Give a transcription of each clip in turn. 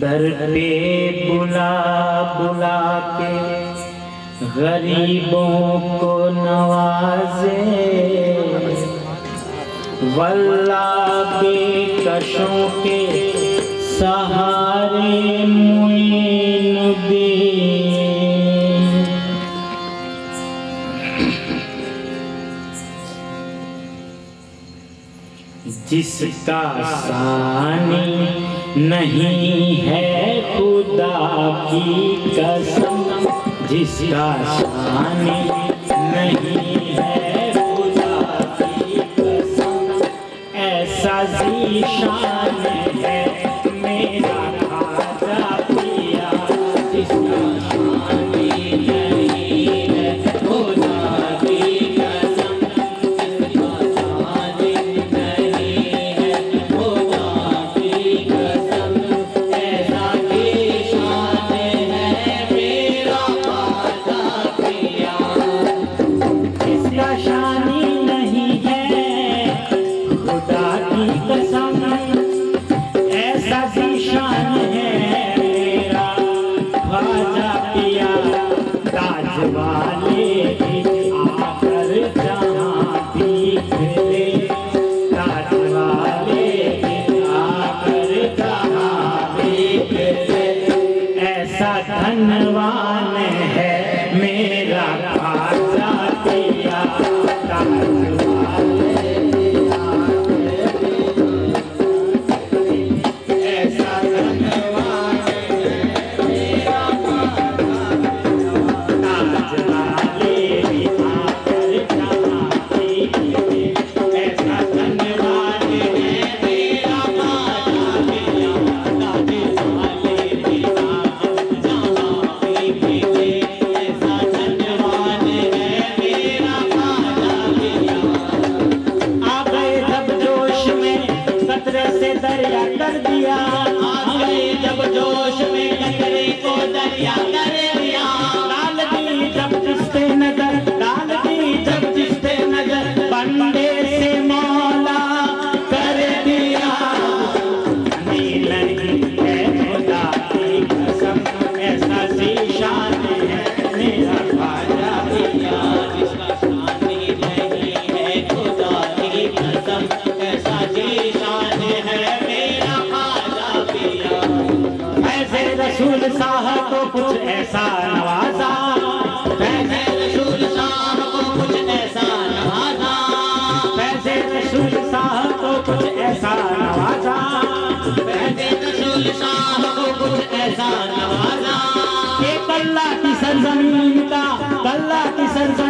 در پہ بلا بلا کے غریبوں کو نوازے واللہ بے کشوں کے سہارے دے جس کا سانی نہیں ہے خدا کی قسم جس کا شان نہیں ہے خدا کی قسم ایسا ہے بال ایسا نوازا پیسے رسول صاحب کو کچھ ایسا نوازا پیسے رسول صاحب کو کچھ ایسا نوازا پیسے رسول صاحب کو کچھ ایسا نوازا ایک اللہ کی سرزمین کا اللہ کی سرزمین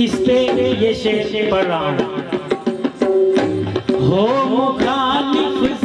اس پہ یہ شیر پڑھ رہا ہوں ہو مخالف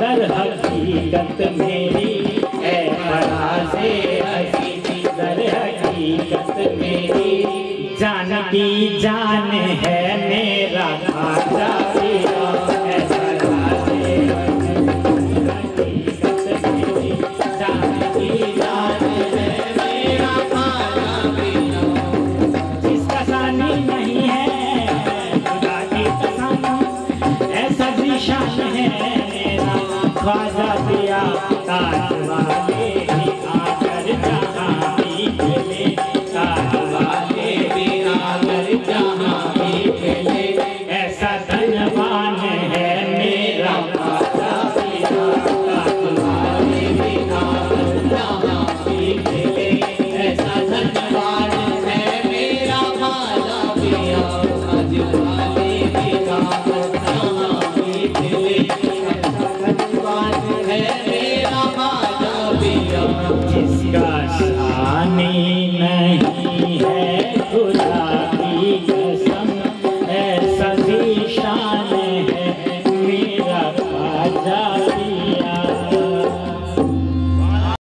در حقیقت میری اے فراز ہے در حقیقت میری جان کی جان ہے میرا دھاچا سجا دیا تاج والے